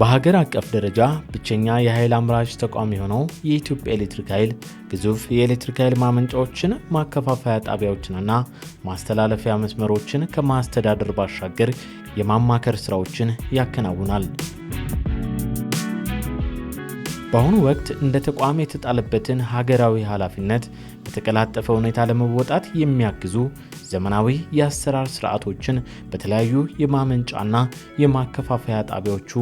በሀገር አቀፍ ደረጃ ብቸኛ የኃይል አምራች ተቋም የሆነው የኢትዮጵያ ኤሌክትሪክ ኃይል ግዙፍ የኤሌክትሪክ ኃይል ማመንጫዎችን፣ ማከፋፈያ ጣቢያዎችንና ማስተላለፊያ መስመሮችን ከማስተዳደር ባሻገር የማማከር ስራዎችን ያከናውናል። በአሁኑ ወቅት እንደ ተቋም የተጣለበትን ሀገራዊ ኃላፊነት በተቀላጠፈ ሁኔታ ለመወጣት የሚያግዙ ዘመናዊ የአሰራር ስርዓቶችን በተለያዩ የማመንጫና የማከፋፈያ ጣቢያዎቹ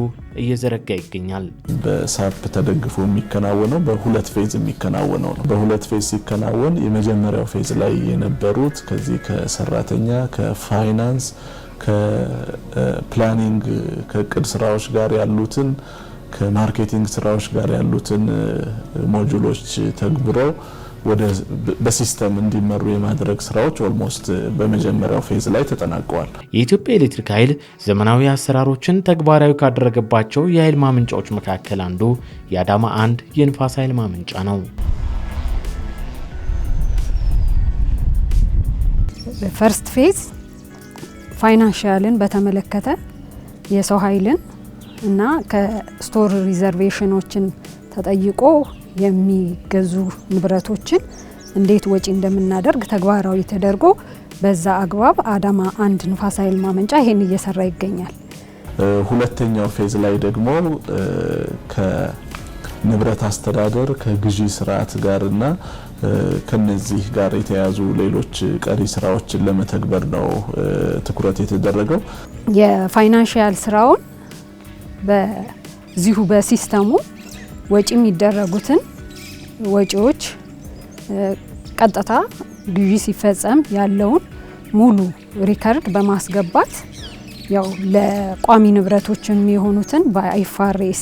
እየዘረጋ ይገኛል። በሳፕ ተደግፎ የሚከናወነው በሁለት ፌዝ የሚከናወነው ነው። በሁለት ፌዝ ሲከናወን የመጀመሪያው ፌዝ ላይ የነበሩት ከዚህ ከሰራተኛ ከፋይናንስ ከፕላኒንግ ከእቅድ ስራዎች ጋር ያሉትን ከማርኬቲንግ ስራዎች ጋር ያሉትን ሞጁሎች ተግብረው ወደ በሲስተም እንዲመሩ የማድረግ ስራዎች ኦልሞስት በመጀመሪያው ፌዝ ላይ ተጠናቀዋል። የኢትዮጵያ ኤሌክትሪክ ኃይል ዘመናዊ አሰራሮችን ተግባራዊ ካደረገባቸው የኃይል ማመንጫዎች መካከል አንዱ የአዳማ አንድ የንፋስ ኃይል ማመንጫ ነው። ፈርስት ፌዝ ፋይናንሽያልን በተመለከተ የሰው ኃይልን እና ከስቶር ሪዘርቬሽኖችን ተጠይቆ የሚገዙ ንብረቶችን እንዴት ወጪ እንደምናደርግ ተግባራዊ ተደርጎ በዛ አግባብ አዳማ አንድ ንፋስ ኃይል ማመንጫ ይሄን እየሰራ ይገኛል። ሁለተኛው ፌዝ ላይ ደግሞ ከንብረት አስተዳደር ከግዢ ስርዓት ጋርና ከነዚህ ጋር የተያዙ ሌሎች ቀሪ ስራዎችን ለመተግበር ነው ትኩረት የተደረገው። የፋይናንሽያል ስራውን በዚሁ በሲስተሙ ወጪ የሚደረጉትን ወጪዎች ቀጥታ ግዢ ሲፈጸም ያለውን ሙሉ ሪከርድ በማስገባት ያው ለቋሚ ንብረቶች የሚሆኑትን በአይፋሬስ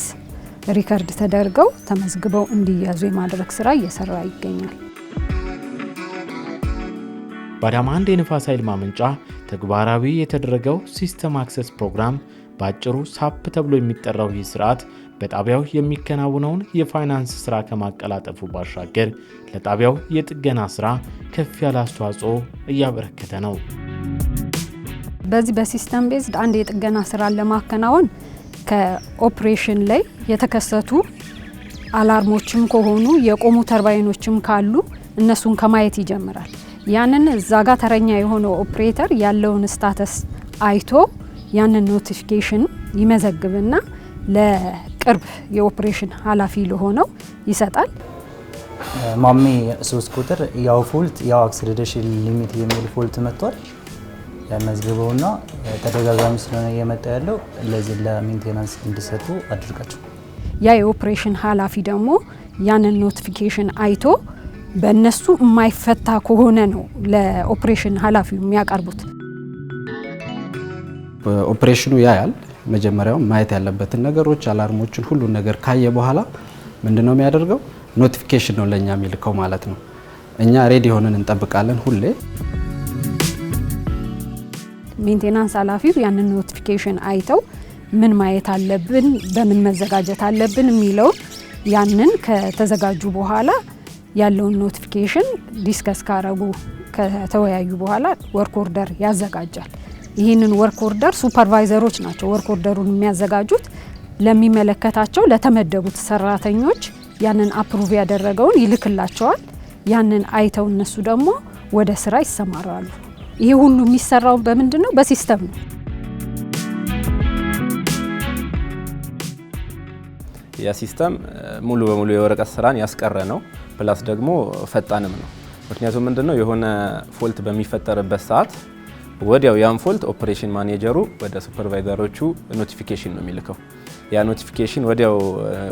ሪከርድ ተደርገው ተመዝግበው እንዲያዙ የማድረግ ስራ እየሰራ ይገኛል። በአዳማ አንድ የንፋስ ኃይል ማመንጫ ተግባራዊ የተደረገው ሲስተም አክሰስ ፕሮግራም በአጭሩ ሳፕ ተብሎ የሚጠራው ይህ ስርዓት በጣቢያው የሚከናወነውን የፋይናንስ ስራ ከማቀላጠፉ ባሻገር ለጣቢያው የጥገና ስራ ከፍ ያለ አስተዋጽኦ እያበረከተ ነው። በዚህ በሲስተም ቤዝድ አንድ የጥገና ስራን ለማከናወን ከኦፕሬሽን ላይ የተከሰቱ አላርሞችም ከሆኑ የቆሙ ተርባይኖችም ካሉ እነሱን ከማየት ይጀምራል። ያንን እዛ ጋር ተረኛ የሆነው ኦፕሬተር ያለውን ስታተስ አይቶ ያንን ኖቲፊኬሽን ይመዘግብና ቅርብ የኦፕሬሽን ኃላፊ ለሆነው ይሰጣል። ማሜ ሶስት ቁጥር ያው ፎልት ያው አክስሬዴሽን ሊሚት የሚል ፎልት መጥቷል። መዝግበውና ተደጋጋሚ ስለሆነ እየመጣ ያለው ለዚህ ለሜንቴናንስ እንዲሰጡ አድርጋቸው። ያ የኦፕሬሽን ኃላፊ ደግሞ ያንን ኖቲፊኬሽን አይቶ በእነሱ የማይፈታ ከሆነ ነው ለኦፕሬሽን ኃላፊው የሚያቀርቡት። ኦፕሬሽኑ ያያል መጀመሪያውም ማየት ያለበትን ነገሮች አላርሞችን፣ ሁሉን ነገር ካየ በኋላ ምንድን ነው የሚያደርገው? ኖቲፊኬሽን ነው ለእኛ የሚልከው ማለት ነው። እኛ ሬዲ ሆነን እንጠብቃለን ሁሌ። ሜንቴናንስ ኃላፊው ያንን ኖቲፊኬሽን አይተው ምን ማየት አለብን፣ በምን መዘጋጀት አለብን የሚለውን ያንን ከተዘጋጁ በኋላ ያለውን ኖቲፊኬሽን ዲስከስ ካረጉ ከተወያዩ በኋላ ወርክ ኦርደር ያዘጋጃል። ይህንን ወርክ ኦርደር ሱፐርቫይዘሮች ናቸው ወርክ ኦርደሩን የሚያዘጋጁት ለሚመለከታቸው ለተመደቡት ሰራተኞች ያንን አፕሩቭ ያደረገውን ይልክላቸዋል። ያንን አይተው እነሱ ደግሞ ወደ ስራ ይሰማራሉ። ይሄ ሁሉ የሚሰራው በምንድን ነው? በሲስተም ነው። ያ ሲስተም ሙሉ በሙሉ የወረቀት ስራን ያስቀረ ነው። ፕላስ ደግሞ ፈጣንም ነው። ምክንያቱም ምንድን ነው የሆነ ፎልት በሚፈጠርበት ሰዓት ወዲያው ያን ፎልት ኦፕሬሽን ማኔጀሩ ወደ ሱፐርቫይዘሮቹ ኖቲፊኬሽን ነው የሚልከው። ያ ኖቲፊኬሽን ወዲያው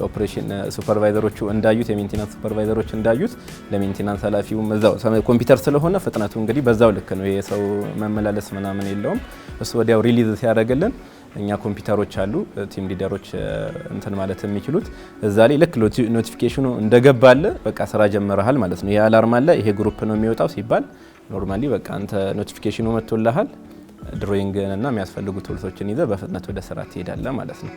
ኦፕሬሽን ሱፐርቫይዘሮቹ እንዳዩት የሜንቴናንስ ሱፐርቫይዘሮች እንዳዩት ለሜንቴናንስ ኃላፊው እዛው ኮምፒውተር ስለሆነ ፍጥነቱ እንግዲህ በዛው ልክ ነው። የሰው መመላለስ ምናምን የለውም። እሱ ወዲያው ሪሊዝ ሲያደርግልን እኛ ኮምፒውተሮች አሉ ቲም ሊደሮች እንትን ማለት የሚችሉት እዛ ላይ ልክ ኖቲፊኬሽኑ እንደገባለ በቃ ስራ ጀምረሃል ማለት ነው። ይሄ አላርም አለ፣ ይሄ ግሩፕ ነው የሚወጣው ሲባል ኖርማሊ በቃ አንተ ኖቲፊኬሽኑ መጥቶልሃል ድሮይንግን እና የሚያስፈልጉ ቱልሶችን ይዘ በፍጥነት ወደ ስራ ትሄዳለ ማለት ነው።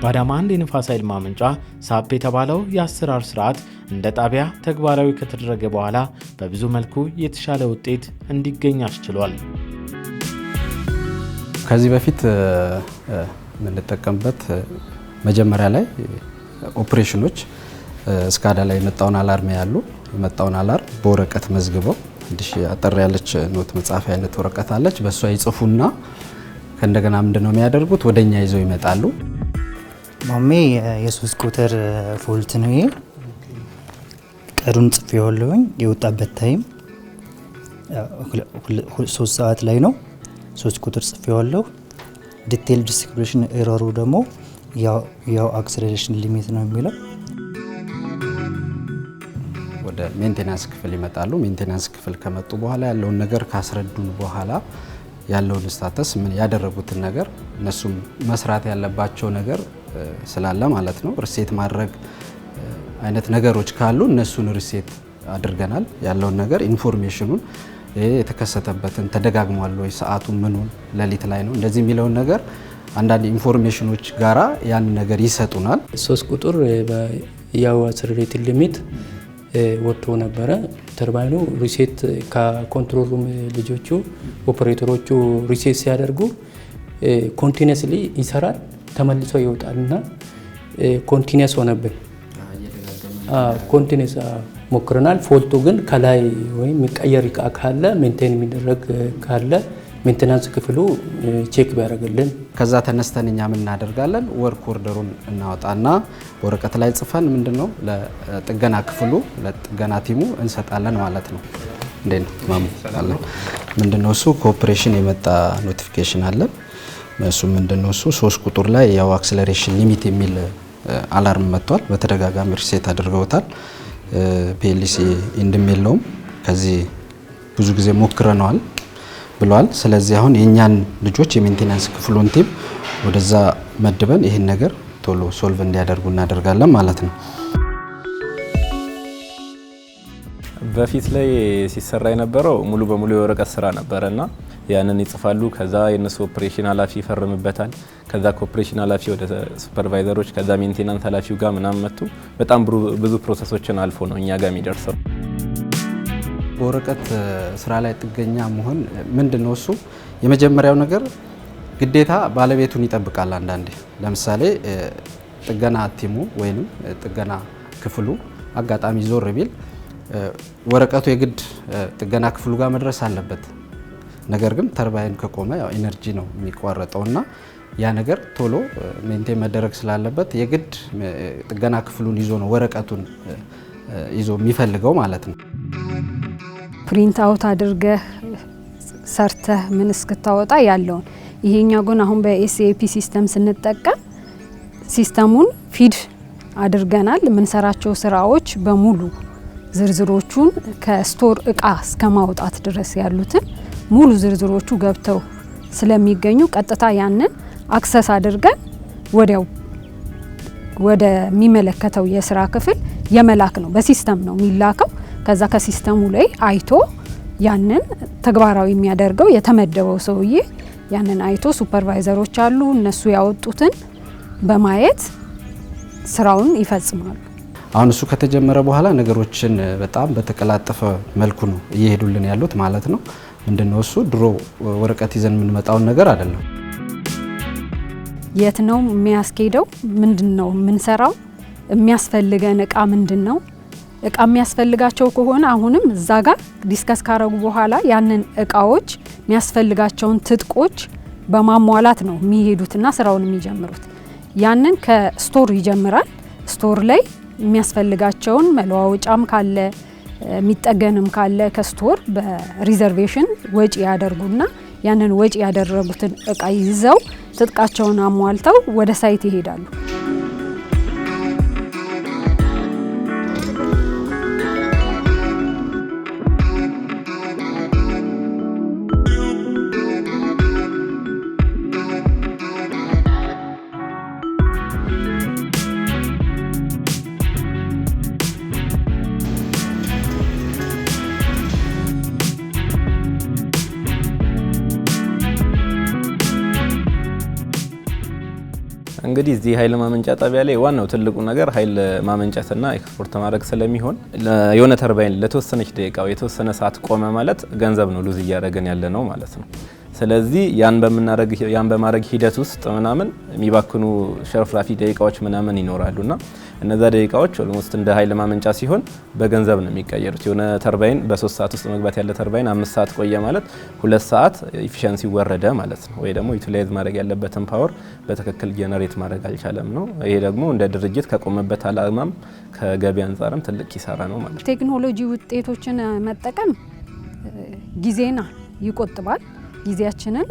በአዳማ አንድ የንፋስ ኃይል ማመንጫ ሳፕ የተባለው የአሰራር ስርዓት እንደ ጣቢያ ተግባራዊ ከተደረገ በኋላ በብዙ መልኩ የተሻለ ውጤት እንዲገኝ አስችሏል። ከዚህ በፊት የምንጠቀምበት መጀመሪያ ላይ ኦፕሬሽኖች እስካዳ ላይ የመጣውን አላርም ያሉ የመጣውን አላርም በወረቀት መዝግበው እንዲህ አጠር ያለች ኖት መጻፊያ አይነት ወረቀት አለች። በእሷ ይጽፉና ከእንደገና ምንድን ነው የሚያደርጉት ወደኛ ይዘው ይመጣሉ። ማሜ የሶስት ቁጥር ፎልት ነው ይሄ። ቀዱን ጽፌዋለሁኝ የወጣበት ታይም ሶስት ሰዓት ላይ ነው ሶስት ቁጥር ጽፌዋለሁ። ዲቴል ዲስክሪፕሽን ኤረሩ ደግሞ ያው አክሰሌሬሽን ሊሚት ነው የሚለው። ወደ ሜንቴናንስ ክፍል ይመጣሉ። ሜንቴናንስ ክፍል ከመጡ በኋላ ያለውን ነገር ካስረዱን በኋላ ያለውን ስታተስ ምን ያደረጉትን ነገር እነሱም መስራት ያለባቸው ነገር ስላለ ማለት ነው። ሪሴት ማድረግ አይነት ነገሮች ካሉ እነሱን ሪሴት አድርገናል። ያለውን ነገር ኢንፎርሜሽኑን የተከሰተበትን ተደጋግሟል ወይ፣ ሰዓቱ ምኑን፣ ሌሊት ላይ ነው እንደዚህ የሚለውን ነገር አንዳንድ ኢንፎርሜሽኖች ጋራ ያን ነገር ይሰጡናል። ሶስት ቁጥር ያው ስርሬት ሊሚት ወጥቶ ነበረ። ተርባይኑ ሪሴት ከኮንትሮል ሩም ልጆቹ ኦፕሬተሮቹ ሪሴት ሲያደርጉ ኮንቲኒስሊ ይሰራል፣ ተመልሶ ይወጣል እና ኮንቲኒስ ሆነብን ኮንቲኒስ ሞክረናል። ፎልቱ ግን ከላይ ወይም የሚቀየር እቃ ካለ ሜንቴን የሚደረግ ካለ ሜንቴናንስ ክፍሉ ቼክ ቢያደርግልን። ከዛ ተነስተን እኛ ምን እናደርጋለን? ወርክ ኦርደሩን እናወጣና ወረቀት ላይ ጽፈን ምንድን ነው ለጥገና ክፍሉ ለጥገና ቲሙ እንሰጣለን ማለት ነው። እንዴት ነው ማሙ? ምንድን ነው እሱ ኮኦፕሬሽን የመጣ ኖቲፊኬሽን አለ። እሱ ምንድን ነው እሱ ሶስት ቁጥር ላይ ያው አክስለሬሽን ሊሚት የሚል አላርም መጥቷል። በተደጋጋሚ ሪሴት አድርገውታል። ፒኤልሲ እንደሚለውም ከዚህ ብዙ ጊዜ ሞክረነዋል ብለዋል። ስለዚህ አሁን የእኛን ልጆች የሜንቴናንስ ክፍሉን ቲም ወደዛ መድበን ይህን ነገር ቶሎ ሶልቭ እንዲያደርጉ እናደርጋለን ማለት ነው። በፊት ላይ ሲሰራ የነበረው ሙሉ በሙሉ የወረቀት ስራ ነበረ እና ያንን ይጽፋሉ። ከዛ የነሱ ኦፕሬሽን ኃላፊ ይፈርምበታል። ከዛ ከኦፕሬሽን ኃላፊ ወደ ሱፐርቫይዘሮች፣ ከዛ ሜንቴናንስ ኃላፊው ጋር ምናምን መጡ። በጣም ብዙ ፕሮሰሶችን አልፎ ነው እኛ ጋር የሚደርሰው። በወረቀት ስራ ላይ ጥገኛ መሆን ምንድን ነው? እሱ የመጀመሪያው ነገር ግዴታ ባለቤቱን ይጠብቃል። አንዳንዴ ለምሳሌ ጥገና ቲሙ ወይም ጥገና ክፍሉ አጋጣሚ ዞር ቢል ወረቀቱ የግድ ጥገና ክፍሉ ጋር መድረስ አለበት። ነገር ግን ተርባይን ከቆመ ኢነርጂ ነው የሚቋረጠው እና ያ ነገር ቶሎ ሜንቴን መደረግ ስላለበት የግድ ጥገና ክፍሉን ይዞ ነው ወረቀቱን ይዞ የሚፈልገው ማለት ነው። ፕሪንት አውት አድርገህ ሰርተህ ምን እስክታወጣ ያለውን ይሄኛው ግን አሁን በኤስኤፒ ሲስተም ስንጠቀም ሲስተሙን ፊድ አድርገናል። የምንሰራቸው ስራዎች በሙሉ ዝርዝሮቹን ከስቶር እቃ እስከ ማውጣት ድረስ ያሉትን ሙሉ ዝርዝሮቹ ገብተው ስለሚገኙ ቀጥታ ያንን አክሰስ አድርገን ወዲያው ወደሚመለከተው የስራ ክፍል የመላክ ነው። በሲስተም ነው የሚላከው። ከዛ ከሲስተሙ ላይ አይቶ ያንን ተግባራዊ የሚያደርገው የተመደበው ሰውዬ ያንን አይቶ ሱፐርቫይዘሮች አሉ፣ እነሱ ያወጡትን በማየት ስራውን ይፈጽማሉ። አሁን እሱ ከተጀመረ በኋላ ነገሮችን በጣም በተቀላጠፈ መልኩ ነው እየሄዱልን ያሉት ማለት ነው። ምንድነው እሱ ድሮ ወረቀት ይዘን የምንመጣውን ነገር አይደለም። የት ነው የሚያስኬደው? ምንድን ነው የምንሰራው? የሚያስፈልገን እቃ ምንድን ነው? እቃ የሚያስፈልጋቸው ከሆነ አሁንም እዛ ጋር ዲስከስ ካረጉ በኋላ ያንን እቃዎች የሚያስፈልጋቸውን ትጥቆች በማሟላት ነው የሚሄዱትና ስራውን የሚጀምሩት። ያንን ከስቶር ይጀምራል። ስቶር ላይ የሚያስፈልጋቸውን መለዋወጫም ካለ የሚጠገንም ካለ ከስቶር በሪዘርቬሽን ወጪ ያደርጉና ያንን ወጪ ያደረጉትን እቃ ይዘው ትጥቃቸውን አሟልተው ወደ ሳይት ይሄዳሉ። እንግዲህ እዚህ ኃይል ማመንጫ ጣቢያ ላይ ዋናው ትልቁ ነገር ኃይል ማመንጨትና ኤክስፖርት ማድረግ ስለሚሆን የሆነ ተርባይን ለተወሰነች ደቂቃ የተወሰነ ሰዓት ቆመ ማለት ገንዘብ ነው ሉዝ እያደረገን ያለ ነው ማለት ነው። ስለዚህ ያን ያን በማድረግ ሂደት ውስጥ ምናምን የሚባክኑ ሸርፍራፊ ደቂቃዎች ምናምን ይኖራሉና እነዛ ደቂቃዎች ኦልሞስት እንደ ኃይል ማመንጫ ሲሆን በገንዘብ ነው የሚቀየሩት። የሆነ ተርባይን በሶስት ሰዓት ውስጥ መግባት ያለ ተርባይን አምስት ሰዓት ቆየ ማለት ሁለት ሰዓት ኢፊሽንሲ ወረደ ማለት ነው። ወይ ደግሞ ዩቲላይዝ ማድረግ ያለበትን ፓወር በትክክል ጀነሬት ማድረግ አልቻለም ነው። ይሄ ደግሞ እንደ ድርጅት ከቆመበት አላማም ከገቢ አንጻርም ትልቅ ኪሳራ ነው ማለት ነው። ቴክኖሎጂ ውጤቶችን መጠቀም ጊዜና ይቆጥባል ጊዜያችንን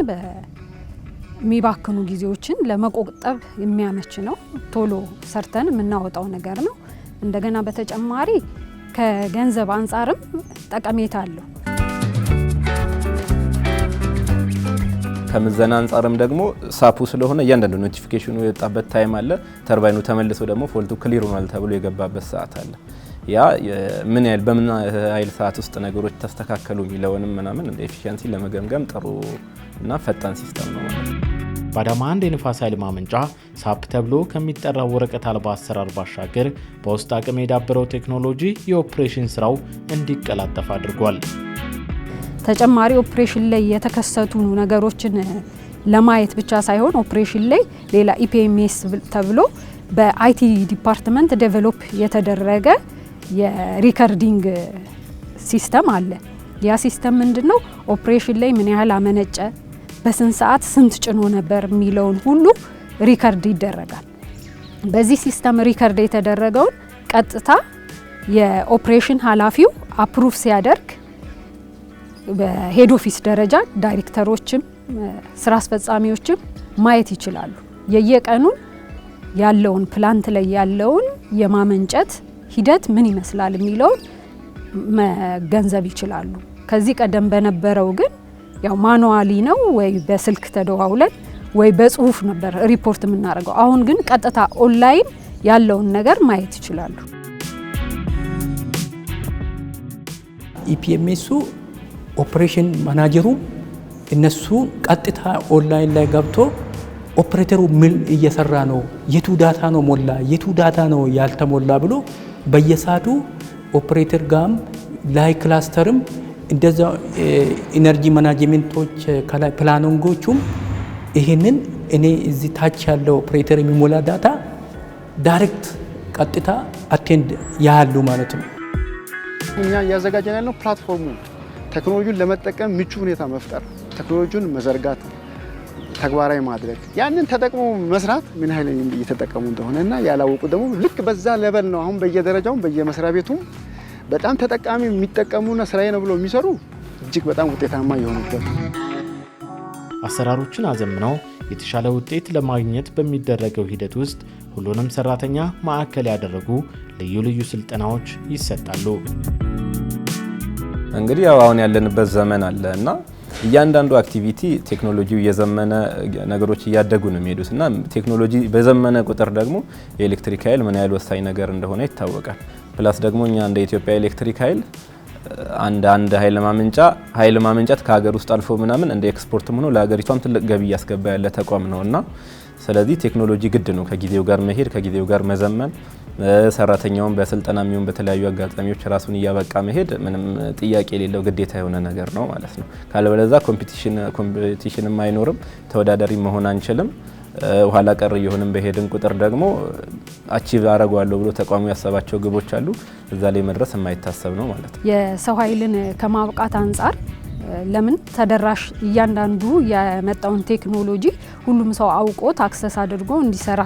የሚባክኑ ጊዜዎችን ለመቆጠብ የሚያመች ነው። ቶሎ ሰርተን የምናወጣው ነገር ነው። እንደገና በተጨማሪ ከገንዘብ አንጻርም ጠቀሜታ አለው። ከምዘና አንጻርም ደግሞ ሳፑ ስለሆነ እያንዳንዱ ኖቲፊኬሽኑ የወጣበት ታይም አለ። ተርባይኑ ተመልሶ ደግሞ ፎልቱ ክሊር ሆኗል ተብሎ የገባበት ሰዓት አለ። ያ ምን ያህል በምን ያህል ሰዓት ውስጥ ነገሮች ተስተካከሉ የሚለውንም ምናምን እንደ ኤፊሽንሲ ለመገምገም ጥሩ እና ፈጣን ሲስተም ነው። በአዳማ አንድ የንፋስ ኃይል ማመንጫ ሳፕ ተብሎ ከሚጠራው ወረቀት አልባ አሰራር ባሻገር በውስጥ አቅም የዳበረው ቴክኖሎጂ የኦፕሬሽን ስራው እንዲቀላጠፍ አድርጓል። ተጨማሪ ኦፕሬሽን ላይ የተከሰቱ ነገሮችን ለማየት ብቻ ሳይሆን ኦፕሬሽን ላይ ሌላ ኢፒኤምኤስ ተብሎ በአይቲ ዲፓርትመንት ዴቨሎፕ የተደረገ የሪከርዲንግ ሲስተም አለ። ያ ሲስተም ምንድን ነው? ኦፕሬሽን ላይ ምን ያህል አመነጨ፣ በስንት ሰዓት ስንት ጭኖ ነበር የሚለውን ሁሉ ሪከርድ ይደረጋል። በዚህ ሲስተም ሪከርድ የተደረገውን ቀጥታ የኦፕሬሽን ኃላፊው አፕሩቭ ሲያደርግ በሄድ ኦፊስ ደረጃ ዳይሬክተሮችም ስራ አስፈጻሚዎችም ማየት ይችላሉ። የየቀኑን ያለውን ፕላንት ላይ ያለውን የማመንጨት ሂደት ምን ይመስላል የሚለውን መገንዘብ ይችላሉ። ከዚህ ቀደም በነበረው ግን ያው ማኑዋሊ ነው ወይ በስልክ ተደዋውለን ወይ በጽሁፍ ነበር ሪፖርት የምናደርገው። አሁን ግን ቀጥታ ኦንላይን ያለውን ነገር ማየት ይችላሉ። ኢፒኤምኤሱ ኦፕሬሽን ማናጀሩ እነሱ ቀጥታ ኦንላይን ላይ ገብቶ ኦፕሬተሩ ምን እየሰራ ነው፣ የቱ ዳታ ነው ሞላ፣ የቱ ዳታ ነው ያልተሞላ ብሎ በየሳቱ ኦፕሬተር ጋም ላይ ክላስተርም እንደዛ ኢነርጂ ማናጅመንቶች ከላይ ፕላኒንጎቹም ይህንን እኔ እዚህ ታች ያለው ኦፕሬተር የሚሞላ ዳታ ዳይሬክት ቀጥታ አቴንድ ያሉ ማለት ነው። እኛ እያዘጋጀን ያለው ፕላትፎርሙ ቴክኖሎጂን ለመጠቀም ምቹ ሁኔታ መፍጠር፣ ቴክኖሎጂውን መዘርጋት ተግባራዊ ማድረግ ያንን ተጠቅሞ መስራት ምን ያህል እየተጠቀሙ እንደሆነ እና ያላወቁ ደግሞ ልክ በዛ ለበል ነው። አሁን በየደረጃውም በየመስሪያ ቤቱም በጣም ተጠቃሚ የሚጠቀሙና ስራዬ ነው ብሎ የሚሰሩ እጅግ በጣም ውጤታማ የሆኑበት አሰራሮችን አዘምነው የተሻለ ውጤት ለማግኘት በሚደረገው ሂደት ውስጥ ሁሉንም ሰራተኛ ማዕከል ያደረጉ ልዩ ልዩ ስልጠናዎች ይሰጣሉ። እንግዲህ ያው አሁን ያለንበት ዘመን አለ እና እያንዳንዱ አክቲቪቲ ቴክኖሎጂው የዘመነ ነገሮች እያደጉ ነው የሚሄዱት እና ቴክኖሎጂ በዘመነ ቁጥር ደግሞ የኤሌክትሪክ ኃይል ምን ያህል ወሳኝ ነገር እንደሆነ ይታወቃል። ፕላስ ደግሞ እኛ እንደ ኢትዮጵያ ኤሌክትሪክ ኃይል አንድ አንድ ኃይል ማመንጫ ኃይል ማመንጫት ከሀገር ውስጥ አልፎ ምናምን እንደ ኤክስፖርትም ሆኖ ለሀገሪቷም ትልቅ ገቢ እያስገባ ያለ ተቋም ነው እና ስለዚህ ቴክኖሎጂ ግድ ነው። ከጊዜው ጋር መሄድ፣ ከጊዜው ጋር መዘመን፣ ሰራተኛውን በስልጠና የሚሆን በተለያዩ አጋጣሚዎች ራሱን እያበቃ መሄድ ምንም ጥያቄ የሌለው ግዴታ የሆነ ነገር ነው ማለት ነው። ካለበለዛ ኮምፒቲሽንም አይኖርም፣ ተወዳዳሪ መሆን አንችልም። ኋላ ቀር እየሆንም በሄድን ቁጥር ደግሞ አቺቭ አረጓለሁ ብሎ ተቋሙ ያሰባቸው ግቦች አሉ፣ እዛ ላይ መድረስ የማይታሰብ ነው ማለት ነው። የሰው ኃይልን ከማብቃት አንጻር ለምን ተደራሽ እያንዳንዱ የመጣውን ቴክኖሎጂ ሁሉም ሰው አውቆት አክሰስ አድርጎ እንዲሰራ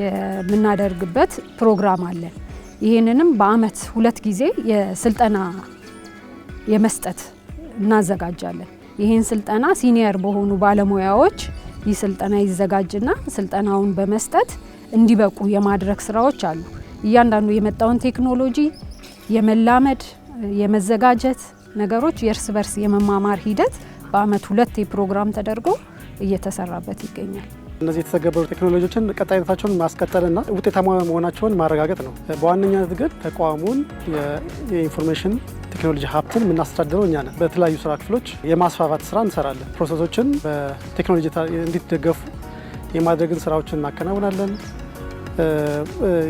የምናደርግበት ፕሮግራም አለን። ይህንንም በአመት ሁለት ጊዜ የስልጠና የመስጠት እናዘጋጃለን። ይህን ስልጠና ሲኒየር በሆኑ ባለሙያዎች ይህ ስልጠና ይዘጋጅና ስልጠናውን በመስጠት እንዲበቁ የማድረግ ስራዎች አሉ። እያንዳንዱ የመጣውን ቴክኖሎጂ የመላመድ የመዘጋጀት ነገሮች የእርስ በርስ የመማማር ሂደት በአመት ሁለቴ ፕሮግራም ተደርጎ እየተሰራበት ይገኛል። እነዚህ የተተገበሩ ቴክኖሎጂዎችን ቀጣይነታቸውን ማስቀጠልና ውጤታማ መሆናቸውን ማረጋገጥ ነው። በዋነኛነት ግን ተቋሙን የኢንፎርሜሽን ቴክኖሎጂ ሀብትን የምናስተዳድረው እኛ ነን። በተለያዩ ስራ ክፍሎች የማስፋፋት ስራ እንሰራለን። ፕሮሰሶችን በቴክኖሎጂ እንዲደገፉ የማድረግን ስራዎችን እናከናውናለን።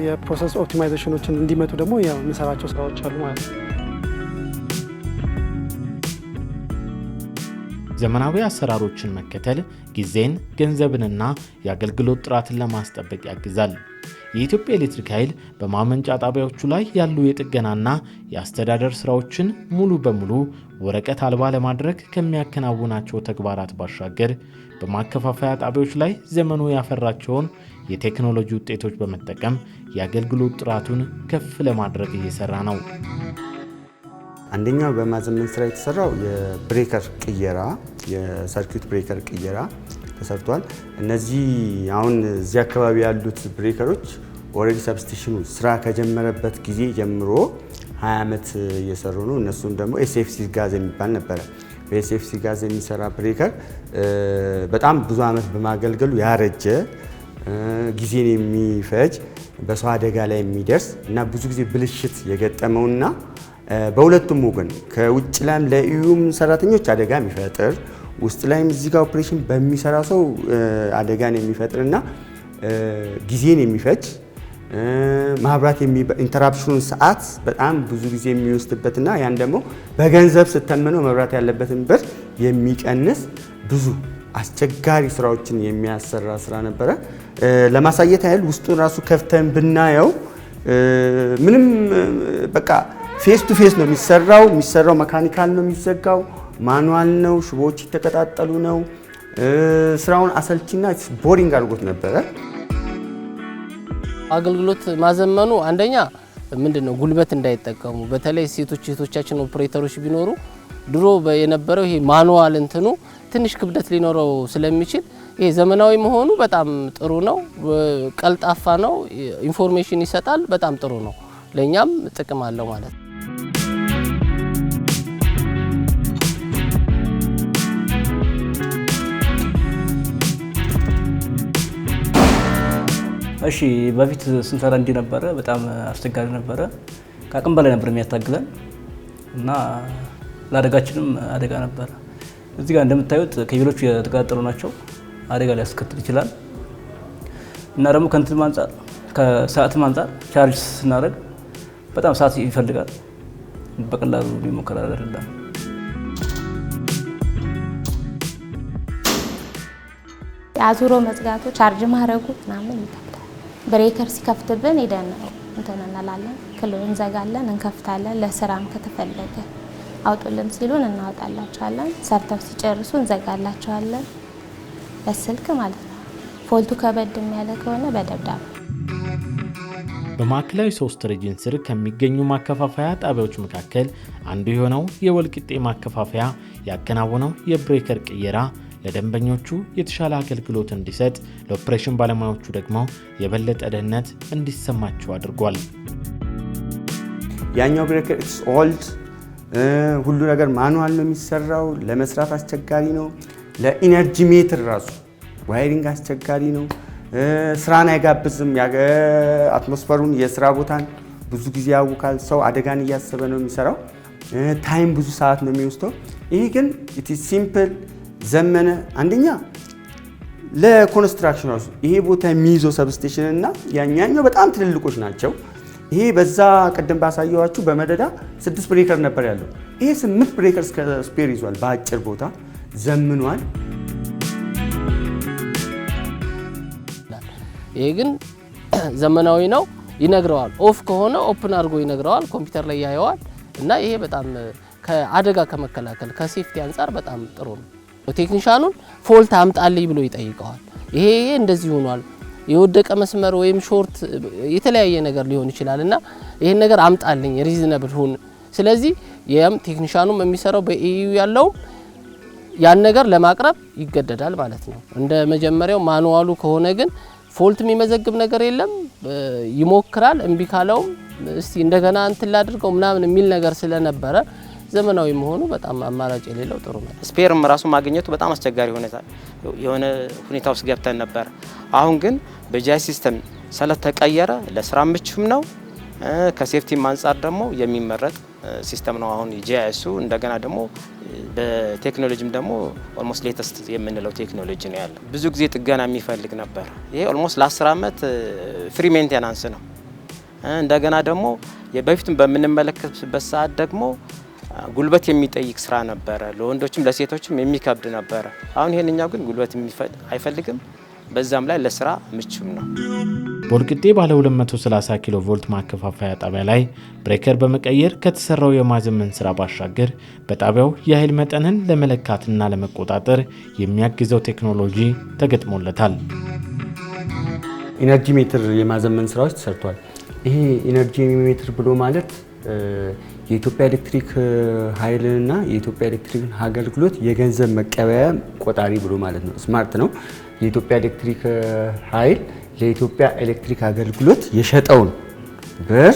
የፕሮሰስ ኦፕቲማይዜሽኖችን እንዲመጡ ደግሞ የምንሰራቸው ስራዎች አሉ ማለት ነው። ዘመናዊ አሰራሮችን መከተል ጊዜን፣ ገንዘብንና የአገልግሎት ጥራትን ለማስጠበቅ ያግዛል። የኢትዮጵያ ኤሌክትሪክ ኃይል በማመንጫ ጣቢያዎቹ ላይ ያሉ የጥገናና የአስተዳደር ስራዎችን ሙሉ በሙሉ ወረቀት አልባ ለማድረግ ከሚያከናውናቸው ተግባራት ባሻገር በማከፋፈያ ጣቢያዎች ላይ ዘመኑ ያፈራቸውን የቴክኖሎጂ ውጤቶች በመጠቀም የአገልግሎት ጥራቱን ከፍ ለማድረግ እየሰራ ነው። አንደኛው በማዘመን ስራ የተሰራው የብሬከር ቅየራ የሰርኪት ብሬከር ቅየራ ተሰርቷል። እነዚህ አሁን እዚህ አካባቢ ያሉት ብሬከሮች ኦልሬዲ ሰብስቴሽኑ ስራ ከጀመረበት ጊዜ ጀምሮ 20 ዓመት እየሰሩ ነው። እነሱም ደግሞ ኤስኤፍሲ ጋዝ የሚባል ነበረ። በኤስኤፍሲ ጋዝ የሚሰራ ብሬከር በጣም ብዙ ዓመት በማገልገሉ ያረጀ ጊዜን የሚፈጅ በሰው አደጋ ላይ የሚደርስ እና ብዙ ጊዜ ብልሽት የገጠመውና በሁለቱም ወገን ከውጭ ላይም ለኢዩም ሰራተኞች አደጋ የሚፈጥር ውስጥ ላይም እዚህ ጋር ኦፕሬሽን በሚሰራ ሰው አደጋን የሚፈጥር እና ጊዜን የሚፈጅ ማብራት ኢንተራፕሽኑን ሰዓት በጣም ብዙ ጊዜ የሚወስድበትና ያን ደግሞ በገንዘብ ስተምነው መብራት ያለበትን ብር የሚቀንስ ብዙ አስቸጋሪ ስራዎችን የሚያሰራ ስራ ነበረ። ለማሳየት ያህል ውስጡን ራሱ ከፍተን ብናየው ምንም በቃ ፌስ ቱ ፌስ ነው የሚሰራው። የሚሰራው መካኒካል ነው የሚዘጋው፣ ማኑዋል ነው፣ ሽቦዎች የተቀጣጠሉ ነው። ስራውን አሰልቺና ቦሪንግ አድርጎት ነበረ። አገልግሎት ማዘመኑ አንደኛ ምንድን ነው ጉልበት እንዳይጠቀሙ በተለይ ሴቶች እህቶቻችን ኦፕሬተሮች ቢኖሩ ድሮ የነበረው ይሄ ማኑዋል እንትኑ ትንሽ ክብደት ሊኖረው ስለሚችል ይሄ ዘመናዊ መሆኑ በጣም ጥሩ ነው። ቀልጣፋ ነው፣ ኢንፎርሜሽን ይሰጣል። በጣም ጥሩ ነው። ለእኛም ጥቅም አለው ማለት ነው። እሺ በፊት ስንሰራ እንዲህ ነበረ። በጣም አስቸጋሪ ነበረ። ከአቅም በላይ ነበር የሚያታግለን እና ለአደጋችንም አደጋ ነበረ። እዚህ ጋር እንደምታዩት ከቤሎቹ የተቀጣጠሉ ናቸው። አደጋ ሊያስከትል ይችላል እና ደግሞ ከንትንም አንጻር ከሰዓትም አንጻር ቻርጅ ስናደርግ በጣም ሰዓት ይፈልጋል። በቀላሉ ሊሞከር አይደለም። የአዙሮ መዝጋቱ ቻርጅ ማድረጉ ምናምን ብሬከር ሲከፍትብን ሄደን እንትን እንላለን፣ ክል እንዘጋለን፣ እንከፍታለን። ለስራም ከተፈለገ አውጡልን ሲሉን እናወጣላቸዋለን። ሰርተው ሲጨርሱ እንዘጋላቸዋለን፣ ለስልክ ማለት ነው። ፎልቱ ከበድ ያለ ከሆነ በደብዳቤ። በማዕከላዊ ሶስት ሪጅን ስር ከሚገኙ ማከፋፈያ ጣቢያዎች መካከል አንዱ የሆነው የወልቂጤ ማከፋፈያ ያከናወነው የብሬከር ቅየራ ለደንበኞቹ የተሻለ አገልግሎት እንዲሰጥ፣ ለኦፕሬሽን ባለሙያዎቹ ደግሞ የበለጠ ደህንነት እንዲሰማቸው አድርጓል። ያኛው ብሬክስ ኦልድ ሁሉ ነገር ማኑዋል ነው የሚሰራው። ለመስራት አስቸጋሪ ነው። ለኢነርጂ ሜትር ራሱ ዋይሪንግ አስቸጋሪ ነው። ስራን አይጋብዝም። አትሞስፈሩን፣ የስራ ቦታን ብዙ ጊዜ ያውካል። ሰው አደጋን እያሰበ ነው የሚሰራው። ታይም ብዙ ሰዓት ነው የሚወስደው። ይህ ግን ኢት ሲምፕል ዘመነ አንደኛ ለኮንስትራክሽን ራሱ ይሄ ቦታ የሚይዘው ሰብስቴሽን እና ያኛኛው በጣም ትልልቆች ናቸው። ይሄ በዛ ቅድም ባሳየኋችሁ በመደዳ ስድስት ብሬከር ነበር ያለው። ይሄ ስምንት ብሬከር እስከ ስፔር ይዟል። በአጭር ቦታ ዘምኗል። ይሄ ግን ዘመናዊ ነው ይነግረዋል። ኦፍ ከሆነ ኦፕን አድርጎ ይነግረዋል። ኮምፒውተር ላይ ያየዋል እና ይሄ በጣም ከአደጋ ከመከላከል ከሴፍቲ አንጻር በጣም ጥሩ ነው። ቴክኒሻኑን ፎልት አምጣልኝ ብሎ ይጠይቀዋል። ይሄ እንደዚህ ሆኗል፣ የወደቀ መስመር ወይም ሾርት የተለያየ ነገር ሊሆን ይችላል እና ይህን ነገር አምጣልኝ ሪዝነብል ሁን። ስለዚህ የም ቴክኒሻኑም የሚሰራው በኤዩ ያለውም ያን ነገር ለማቅረብ ይገደዳል ማለት ነው። እንደ መጀመሪያው ማኑዋሉ ከሆነ ግን ፎልት የሚመዘግብ ነገር የለም። ይሞክራል፣ እምቢ ካለውም እስቲ እንደገና እንትን ላድርገው ምናምን የሚል ነገር ስለነበረ ዘመናዊ መሆኑ በጣም አማራጭ የሌለው ጥሩ ነው። ስፔርም ራሱ ማግኘቱ በጣም አስቸጋሪ የሆነ ሁኔታ ውስጥ ገብተን ነበር። አሁን ግን በጃይ ሲስተም ስለተቀየረ ለስራ ምቹም ነው። ከሴፍቲም አንጻር ደግሞ የሚመረጥ ሲስተም ነው። አሁን ጂአይሱ እንደገና ደግሞ በቴክኖሎጂም ደግሞ ኦልሞስት ሌተስት የምንለው ቴክኖሎጂ ነው ያለው። ብዙ ጊዜ ጥገና የሚፈልግ ነበር። ይሄ ኦልሞስት ለአስር ዓመት ፍሪ ሜንቴናንስ ነው። እንደገና ደግሞ በፊቱም በምንመለከትበት ሰዓት ደግሞ ጉልበት የሚጠይቅ ስራ ነበረ፣ ለወንዶችም ለሴቶችም የሚከብድ ነበረ። አሁን ይሄንኛው ግን ጉልበት አይፈልግም፣ በዛም ላይ ለስራ ምቹም ነው። በወልቂጤ ባለ 230 ኪሎ ቮልት ማከፋፈያ ጣቢያ ላይ ብሬከር በመቀየር ከተሰራው የማዘመን ስራ ባሻገር በጣቢያው የኃይል መጠንን ለመለካትና ለመቆጣጠር የሚያግዘው ቴክኖሎጂ ተገጥሞለታል። ኢነርጂ ሜትር የማዘመን ስራዎች ተሰርቷል። ይሄ ኢነርጂ ሜትር ብሎ ማለት የኢትዮጵያ ኤሌክትሪክ ኃይልንና የኢትዮጵያ ኤሌክትሪክ አገልግሎት የገንዘብ መቀበያ ቆጣሪ ብሎ ማለት ነው። ስማርት ነው። የኢትዮጵያ ኤሌክትሪክ ኃይል ለኢትዮጵያ ኤሌክትሪክ አገልግሎት የሸጠውን ብር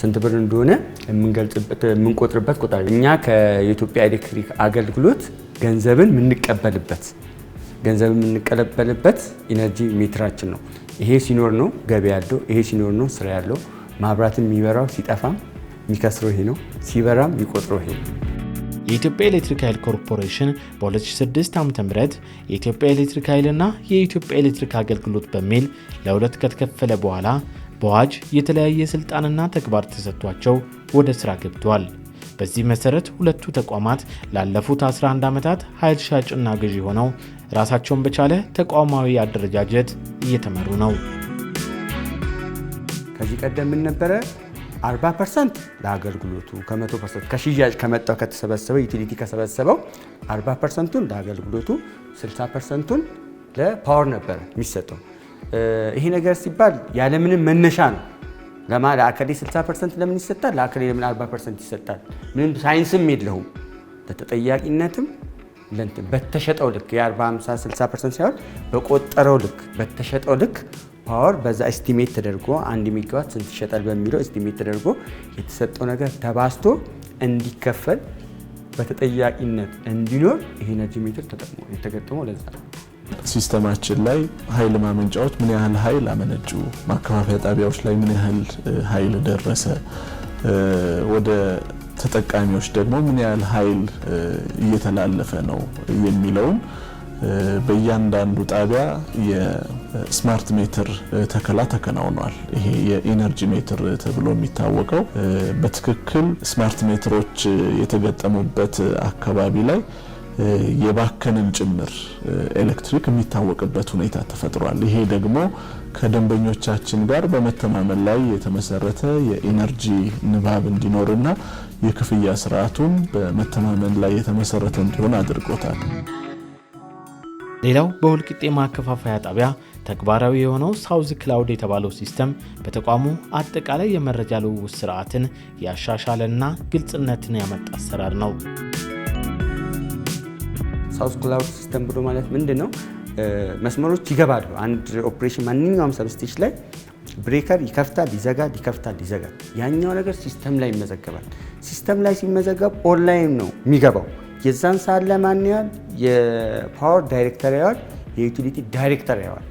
ስንት ብር እንደሆነ የምንገልጽበት የምንቆጥርበት ቆጣሪ። እኛ ከኢትዮጵያ ኤሌክትሪክ አገልግሎት ገንዘብን የምንቀበልበት ገንዘብ የምንቀበልበት ኢነርጂ ሜትራችን ነው። ይሄ ሲኖር ነው ገቢ ያለው፣ ይሄ ሲኖር ነው ስራ ያለው። ማብራትም የሚበራው ሲጠፋም የሚከስረው ይሄ ነው። ሲበራም የሚቆጥረው ይሄ ነው። የኢትዮጵያ ኤሌክትሪክ ኃይል ኮርፖሬሽን በ2006 ዓ ም የኢትዮጵያ ኤሌክትሪክ ኃይልና የኢትዮጵያ ኤሌክትሪክ አገልግሎት በሚል ለሁለት ከተከፈለ በኋላ በአዋጅ የተለያየ ስልጣንና ተግባር ተሰጥቷቸው ወደ ሥራ ገብተዋል። በዚህ መሠረት ሁለቱ ተቋማት ላለፉት 11 ዓመታት ኃይል ሻጭና ገዢ ሆነው ራሳቸውን በቻለ ተቋማዊ አደረጃጀት እየተመሩ ነው። ከዚህ ቀደም ምን ነበረ? 40 ፐርሰንት ለአገልግሎቱ ከመቶ ፐርሰንት ከሽያጭ ከመጣው ከተሰበሰበው ዩቲሊቲ ከሰበሰበው 40 ፐርሰንቱን ለአገልግሎቱ 60 ፐርሰንቱን ለፓወር ነበር የሚሰጠው። ይሄ ነገር ሲባል ያለምንም መነሻ ነው። ለማ ለአከሌ 60 ፐርሰንት ለምን ይሰጣል? ለአከሌ ለምን 40 ፐርሰንት ይሰጣል? ምንም ሳይንስም የለውም። ለተጠያቂነትም በተሸጠው ልክ የ40 50 60 ፐርሰንት ሳይሆን በቆጠረው ልክ በተሸጠው ልክ ፓወር በዛ ኤስቲሜት ተደርጎ አንድ ሜጋዋት ስንት ይሸጣል በሚለው ኤስቲሜት ተደርጎ የተሰጠው ነገር ተባስቶ እንዲከፈል በተጠያቂነት እንዲኖር ይሄ ኤነርጂ ሜትር ተጠቅሞ የተገጠመው ለዛ ነው። ሲስተማችን ላይ ኃይል ማመንጫዎች ምን ያህል ኃይል አመነጩ፣ ማከፋፈያ ጣቢያዎች ላይ ምን ያህል ኃይል ደረሰ፣ ወደ ተጠቃሚዎች ደግሞ ምን ያህል ኃይል እየተላለፈ ነው የሚለውን በእያንዳንዱ ጣቢያ ስማርት ሜትር ተከላ ተከናውኗል። ይሄ የኢነርጂ ሜትር ተብሎ የሚታወቀው በትክክል ስማርት ሜትሮች የተገጠሙበት አካባቢ ላይ የባከንን ጭምር ኤሌክትሪክ የሚታወቅበት ሁኔታ ተፈጥሯል። ይሄ ደግሞ ከደንበኞቻችን ጋር በመተማመን ላይ የተመሰረተ የኢነርጂ ንባብ እንዲኖርና የክፍያ ስርዓቱም በመተማመን ላይ የተመሰረተ እንዲሆን አድርጎታል። ሌላው በወልቂጤ ማከፋፈያ ጣቢያ ተግባራዊ የሆነው ሳውዝ ክላውድ የተባለው ሲስተም በተቋሙ አጠቃላይ የመረጃ ልውውጥ ስርዓትን ያሻሻለና ግልጽነትን ያመጣ አሰራር ነው። ሳውዝ ክላውድ ሲስተም ብሎ ማለት ምንድን ነው? መስመሮች ይገባሉ። አንድ ኦፕሬሽን ማንኛውም ሰብስቴሽን ላይ ብሬከር ይከፍታል፣ ይዘጋል፣ ይከፍታል፣ ይዘጋል። ያኛው ነገር ሲስተም ላይ ይመዘገባል። ሲስተም ላይ ሲመዘገብ ኦንላይን ነው የሚገባው የዛን ሰዓት ለማን ያህል የፓወር ዳይሬክተር ያዋል የዩቲሊቲ ዳይሬክተር ያዋል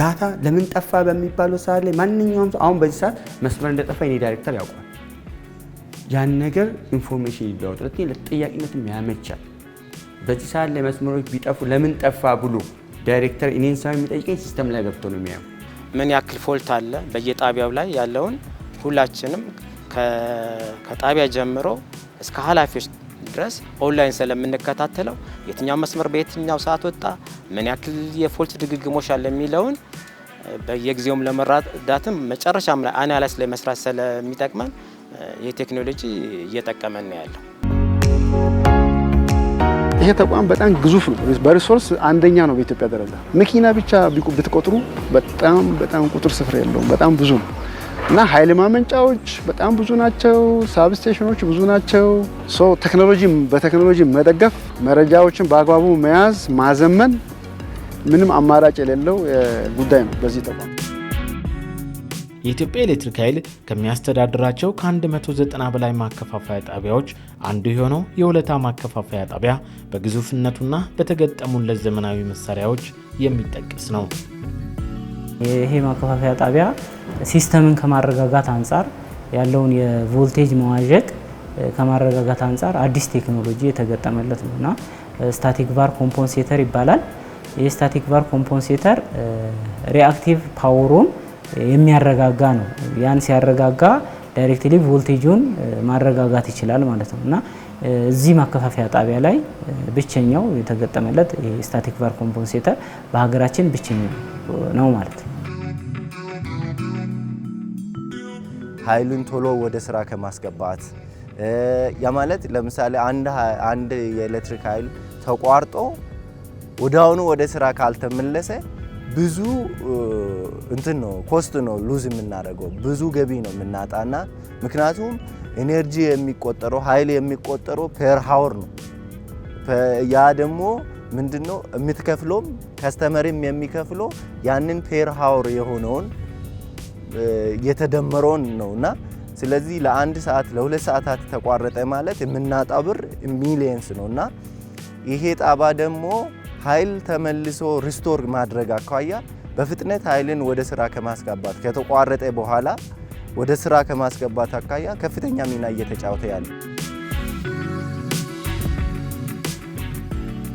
ዳታ ለምን ጠፋ በሚባለው ሰዓት ላይ ማንኛውም ሰው አሁን በዚህ ሰዓት መስመር እንደጠፋ የኔ ዳይሬክተር ያውቋል። ያን ነገር ኢንፎርሜሽን ይለዋወጣል፣ ለተጠያቂነትም ያመቻል። በዚህ ሰዓት ላይ መስመሮች ቢጠፉ ለምን ጠፋ ብሎ ዳይሬክተር እኔን ሰው የሚጠይቀኝ ሲስተም ላይ ገብቶ ነው የሚያየው። ምን ያክል ፎልት አለ በየጣቢያው ላይ ያለውን ሁላችንም ከጣቢያ ጀምሮ እስከ ኃላፊዎች ድረስ ኦንላይን ስለምንከታተለው የትኛው መስመር በየትኛው ሰዓት ወጣ፣ ምን ያክል የፎልት ድግግሞሽ አለ የሚለውን በየጊዜውም ለመረዳትም መጨረሻም ላይ አናላይስ ላይ መስራት ስለሚጠቅመን ይህ ቴክኖሎጂ እየጠቀመን ነው ያለው። ይሄ ተቋም በጣም ግዙፍ ነው። በሪሶርስ አንደኛ ነው በኢትዮጵያ ደረጃ። መኪና ብቻ ብትቆጥሩ በጣም በጣም ቁጥር ስፍር የለውም። በጣም ብዙ ነው። እና ኃይል ማመንጫዎች በጣም ብዙ ናቸው። ሳብስቴሽኖች ብዙ ናቸው። ሰው ቴክኖሎጂ በቴክኖሎጂ መደገፍ፣ መረጃዎችን በአግባቡ መያዝ፣ ማዘመን ምንም አማራጭ የሌለው ጉዳይ ነው። በዚህ ተቋም የኢትዮጵያ ኤሌክትሪክ ኃይል ከሚያስተዳድራቸው ከ190 በላይ ማከፋፈያ ጣቢያዎች አንዱ የሆነው የሁለታ ማከፋፈያ ጣቢያ በግዙፍነቱና በተገጠሙለት ዘመናዊ መሳሪያዎች የሚጠቀስ ነው። ይሄ ማከፋፈያ ጣቢያ ሲስተምን ከማረጋጋት አንጻር ያለውን የቮልቴጅ መዋዠቅ ከማረጋጋት አንጻር አዲስ ቴክኖሎጂ የተገጠመለት ነው እና ስታቲክ ቫር ኮምፖንሴተር ይባላል። የስታቲክ ቫር ኮምፖንሴተር ሪአክቲቭ ፓወሩን የሚያረጋጋ ነው። ያን ሲያረጋጋ ዳይሬክትሊ ቮልቴጁን ማረጋጋት ይችላል ማለት ነው እና እዚህ ማከፋፈያ ጣቢያ ላይ ብቸኛው የተገጠመለት ስታቲክ ቫር ኮምፖንሴተር በሀገራችን ብቸኛው ነው ማለት ነው። ኃይሉን ቶሎ ወደ ስራ ከማስገባት ያ ማለት ለምሳሌ አንድ የኤሌክትሪክ ኃይል ተቋርጦ ወዳውኑ ወደ ስራ ካልተመለሰ ብዙ እንትን ነው ኮስት ነው ሉዝ የምናደርገው ብዙ ገቢ ነው የምናጣና፣ ምክንያቱም ኤነርጂ የሚቆጠረው ኃይል የሚቆጠረው ፐር ሀወር ነው። ያ ደግሞ ምንድን ነው የምትከፍለውም ከስተመርም የሚከፍለው ያንን ፔር ሀወር የሆነውን የተደመረውን ነው እና ስለዚህ ለአንድ ሰዓት ለሁለት ሰዓታት ተቋረጠ ማለት የምናጣው ብር ሚሊየንስ ነው እና ይሄ ጣባ ደግሞ ኃይል ተመልሶ ሪስቶር ማድረግ አኳያ በፍጥነት ኃይልን ወደ ስራ ከማስገባት ከተቋረጠ በኋላ ወደ ስራ ከማስገባት አኳያ ከፍተኛ ሚና እየተጫወተ ያለ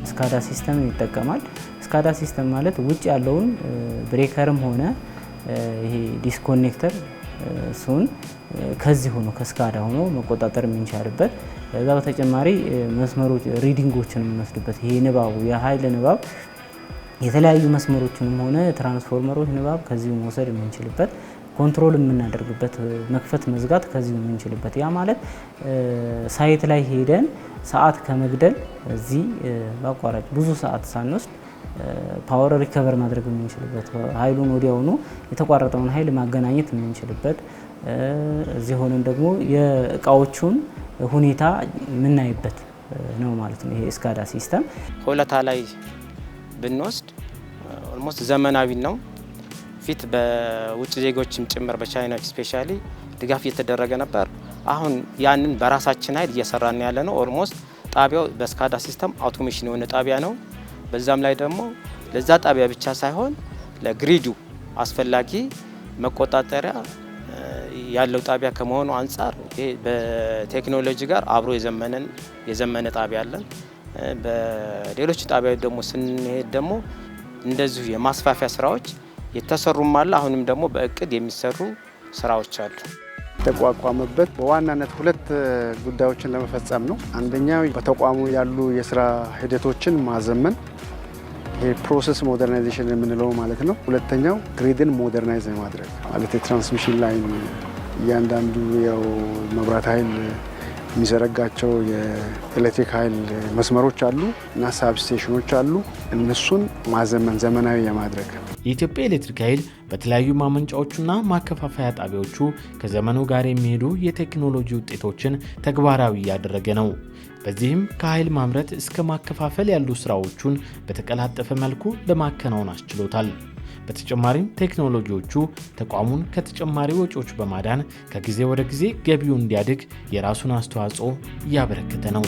ስካዳ ሲስተም ይጠቀማል። ስካዳ ሲስተም ማለት ውጭ ያለውን ብሬከርም ሆነ ይሄ ዲስኮኔክተር እሱን ከዚህ ሆኖ ከስካዳ ሆኖ መቆጣጠር የምንቻልበት ከዛ በተጨማሪ መስመሮች ሪዲንጎችን የምንወስድበት ይሄ ንባቡ የኃይል ንባብ የተለያዩ መስመሮችንም ሆነ ትራንስፎርመሮች ንባብ ከዚሁ መውሰድ የምንችልበት ኮንትሮል የምናደርግበት መክፈት መዝጋት ከዚሁ የምንችልበት ያ ማለት ሳይት ላይ ሄደን ሰዓት ከመግደል እዚህ በአቋራጭ ብዙ ሰዓት ሳንወስድ ፓወር ሪከቨር ማድረግ የምንችልበት ኃይሉን ወዲያውኑ የተቋረጠውን ኃይል ማገናኘት የምንችልበት እዚህ ሆነን ደግሞ የእቃዎቹን ሁኔታ የምናይበት ነው ማለት ነው። ይሄ እስካዳ ሲስተም ሆለታ ላይ ብንወስድ ኦልሞስት ዘመናዊ ነው። ፊት በውጭ ዜጎችም ጭምር በቻይና ስፔሻሊ ድጋፍ እየተደረገ ነበር። አሁን ያንን በራሳችን ኃይል እየሰራን ያለ ነው። ኦልሞስት ጣቢያው በስካዳ ሲስተም አውቶሜሽን የሆነ ጣቢያ ነው። በዛም ላይ ደግሞ ለዛ ጣቢያ ብቻ ሳይሆን ለግሪዱ አስፈላጊ መቆጣጠሪያ ያለው ጣቢያ ከመሆኑ አንጻር በቴክኖሎጂ ጋር አብሮ የዘመነን የዘመነ ጣቢያ አለን። በሌሎች ጣቢያዎች ደግሞ ስንሄድ ደግሞ እንደዚሁ የማስፋፊያ ስራዎች የተሰሩም አለ። አሁንም ደግሞ በእቅድ የሚሰሩ ስራዎች አሉ። የተቋቋመበት በዋናነት ሁለት ጉዳዮችን ለመፈጸም ነው። አንደኛው በተቋሙ ያሉ የስራ ሂደቶችን ማዘመን የፕሮሰስ ሞደርናይዜሽን የምንለው ማለት ነው። ሁለተኛው ግሪድን ሞደርናይዝ ማድረግ ማለት የትራንስሚሽን ላይን እያንዳንዱ ያው መብራት ኃይል የሚዘረጋቸው የኤሌክትሪክ ኃይል መስመሮች አሉ እና ሳብስቴሽኖች አሉ። እነሱን ማዘመን ዘመናዊ የማድረግ የኢትዮጵያ ኤሌክትሪክ ኃይል በተለያዩ ማመንጫዎቹና ማከፋፈያ ጣቢያዎቹ ከዘመኑ ጋር የሚሄዱ የቴክኖሎጂ ውጤቶችን ተግባራዊ እያደረገ ነው። በዚህም ከኃይል ማምረት እስከ ማከፋፈል ያሉ ስራዎቹን በተቀላጠፈ መልኩ ለማከናወን አስችሎታል። በተጨማሪም ቴክኖሎጂዎቹ ተቋሙን ከተጨማሪ ወጪዎች በማዳን ከጊዜ ወደ ጊዜ ገቢው እንዲያድግ የራሱን አስተዋጽኦ እያበረከተ ነው።